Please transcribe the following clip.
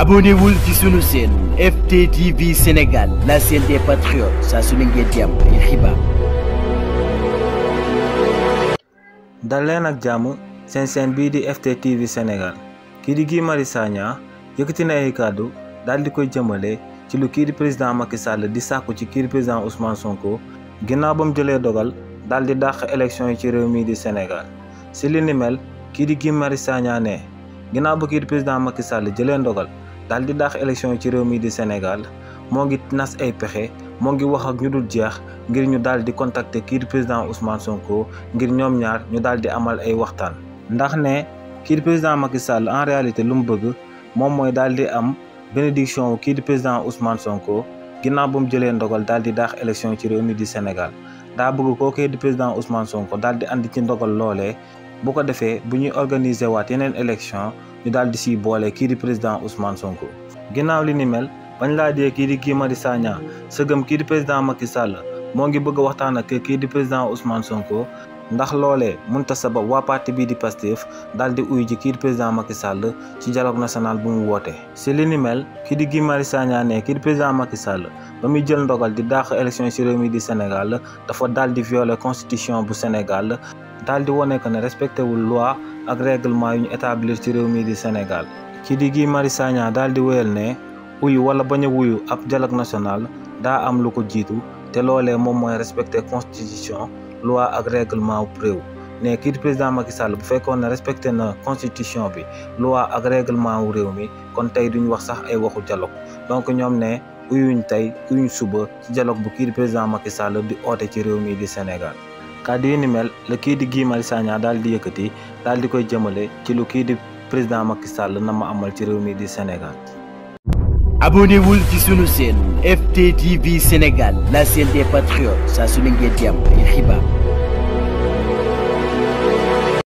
abonnewul ci sunu chaîne FTTV Sénégal la chaîne dal leen ak jàmm seen chaîne bii di FTTV Sénégal kii gi mari Marius Sagna yëkkati na ay kàddu daal di koy jëmale ci lu kii di président Macky Sall di sàkku ci kii di président Ousmane Sonko ginnaaw ba jëlee dogal daal di dàq élection yi ci réew mii di Sénégal si li ni mel kii di Guy Marius Sagna ne ginnaaw ba kii di président Macky Sall jëlee dogal. dal di dakh élection ci réew mi di Sénégal mo ngi nas ay pexé mo ngi wax ak ñu dul jeex ngir ñu dal di contacter kii président Ousmane Sonko ngir ñom ñaar ñu dal di amal ay waxtaan. ndax ne kii président Macky Sall en réalité lu mu bëgg mom moy dal di am bénédiction wu kii président Ousmane Sonko ginnaaw bu mu jëlé ndogal dal di dakh élection ci réew mi di Sénégal da bëgg ko kii di président Ousmane Sonko dal di andi ci ndogal lolé bu ko défé bu ñuy organiser waat yenen élection. ñu daal di siy boole kii di président Ousmane Sonko. ginnaaw li ni mel bañ laajee kii di Guy Marius Sagna sëgëm kii di président Macky Sall moo ngi bëgg a waxtaan ak kii di président Ousmane Sonko. ndax loolee mënta sabab waa parti bii di Pastef daal di uyu ji kii di président Macky Sall ci dialogue national bu mu wootee si li ni kii di Guy Marius Sagna kii di président Macky Sall ba muy jël ndogal di dàq élection ci réew mi di Sénégal dafa daal di violer bu Sénégal daal di wone que ne respecté wul loi ak règlement yu ñu établir ci réew mii di Sénégal ci di Guy Marius Sagna daal di wéyal ne wuyu wala bañ a wuyu ab dialogue national daa am lu ko jiitu te loolee moom mooy respecter constitution loi ak règlement réew ne kii président Macky Sall bu fekkoon ne respecté na constitution bi loi ak règlement wu réew mi kon tey duñ wax sax ay waxu dialogue donc ñoom ne uyuñ tey uyuñ suba ci dialogue bu kii président Macky Sall di oote ci réew mii di Sénégal kàddu yu ni mel la kii di Guy Marius Sagna daal di yëkkati daal di koy jëmale ci lu kii di président Macky Sall na ma amal ci réew mi di Sénégal. abonnewul ci sunu chaîne FTTV Sénégal la chaîne des patriotes saa su ne ngeen di am xibaar.